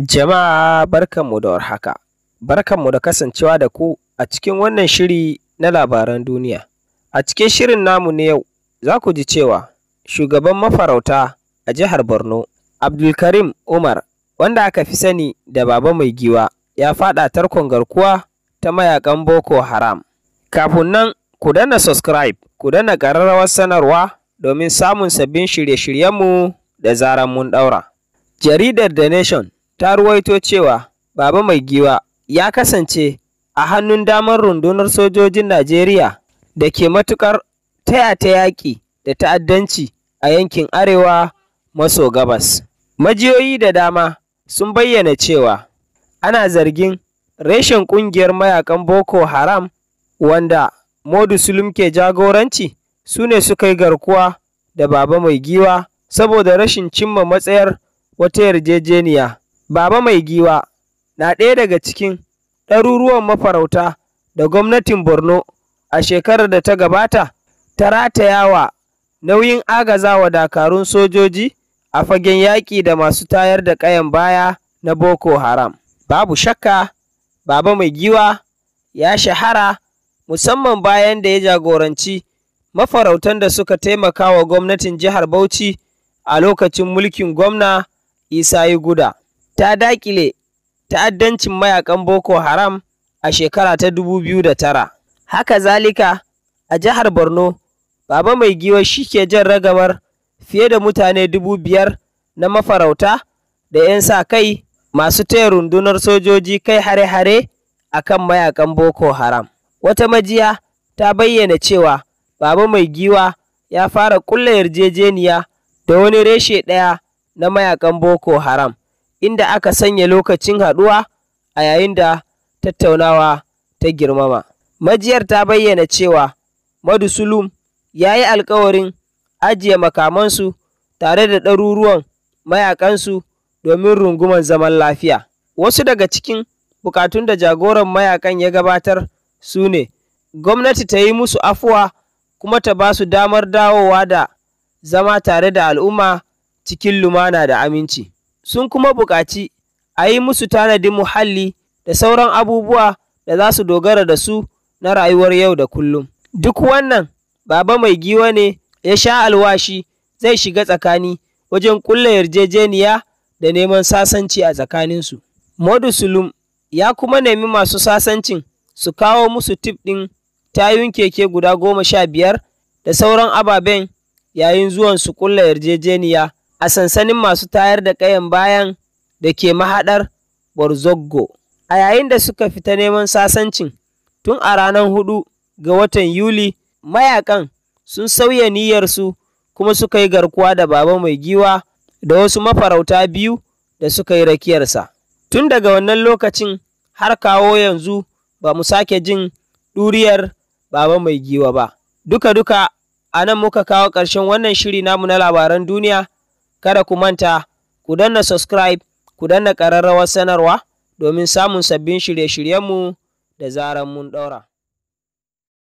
Jama'a barkanmu da warhaka, barkanmu da kasancewa da ku a cikin wannan shiri na labaran duniya. A cikin shirin namu na yau za ku ji cewa shugaban mafarauta a jihar Borno, Abdulkarim Umar, wanda aka fi sani da Baba Mai Giwa, ya faɗa tarkon garkuwa ta mayakan Boko Haram. Kafin nan ku dana subscribe, ku dana ƙararrawar sanarwa domin samun sabbin shirye-shiryenmu da zaran mun ɗaura. Jaridar The Nation ta ruwaito cewa Baba Mai Giwa ya kasance a hannun damar rundunar sojojin Najeriya da ke matuƙar taya ta yaƙi da ta'addanci a yankin Arewa maso gabas. Majiyoyi da dama sun bayyana cewa ana zargin reshen ƙungiyar mayakan Boko Haram wanda Modu Sulum ke jagoranci su ne suka yi garkuwa da Baba Mai Giwa saboda rashin cimma matsayar wata yarjejeniya Baba Mai Giwa na ɗaya daga cikin ɗaruruwan mafarauta da gwamnatin Borno a shekarar da ta gabata ta rataya wa nauyin agazawa dakarun sojoji a fagen yaƙi da masu tayar da ƙayan baya na Boko Haram. Babu shakka, Baba Mai Giwa ya shahara musamman bayan da ya jagoranci mafarautan da suka taimaka wa gwamnatin jihar Bauchi a lokacin mulkin gwamna Isa Guda. ta daƙile ta'addancin mayakan Boko Haram a shekara ta 2009. Haka zalika a jihar Borno, Baba Mai Giwa shi ke jan ragamar fiye da mutane dubu biyar na mafarauta da 'yan sa kai masu taya rundunar sojoji kai hare-hare a kan mayakan Boko Haram. Wata majiya ta bayyana cewa Baba Mai Giwa ya fara ƙulla yarjejeniya da wani reshe ɗaya na mayakan Boko Haram. inda aka sanya lokacin haɗuwa a yayin da tattaunawa ta girmama. Majiyar ta bayyana cewa Madusulum ya yi alkawarin ajiye makamansu tare da ɗaruruwan mayakansu domin runguman zaman lafiya. Wasu daga cikin bukatun da jagoran mayakan ya gabatar su ne, gwamnati ta yi musu afuwa kuma ta ba su damar dawowa da zama tare da al'umma cikin lumana da aminci. sun kuma buƙaci a yi musu tanadin muhalli da sauran abubuwa da za su dogara da su na rayuwar yau da kullum. Duk wannan baba mai giwa ne ya sha alwashi zai shiga tsakani wajen ƙulla yarjejeniya da neman sasanci a tsakaninsu. Modusulum ya kuma nemi masu sasancin su kawo musu tif ɗin tayun keke guda goma sha biyar da sauran ababen yayin zuwan su ƙulla yarjejeniya a sansanin masu tayar da ƙayan bayan da ke mahaɗar Borzoggo. A yayin da suka fita neman sasancin tun a ranar hudu ga watan Yuli, mayakan sun sauya niyyarsu kuma suka yi garkuwa da baba mai giwa da wasu mafarauta biyu da suka yi rakiyarsa. Tun daga wannan lokacin har kawo yanzu ba mu sake jin ɗuriyar baba mai giwa ba. Duka-duka a nan muka kawo ƙarshen wannan shiri namu na labaran duniya. Kada ku manta, ku danna subscribe, ku danna ƙararrawar sanarwa domin samun sabbin shirye-shiryenmu da zaran mun ɗaura.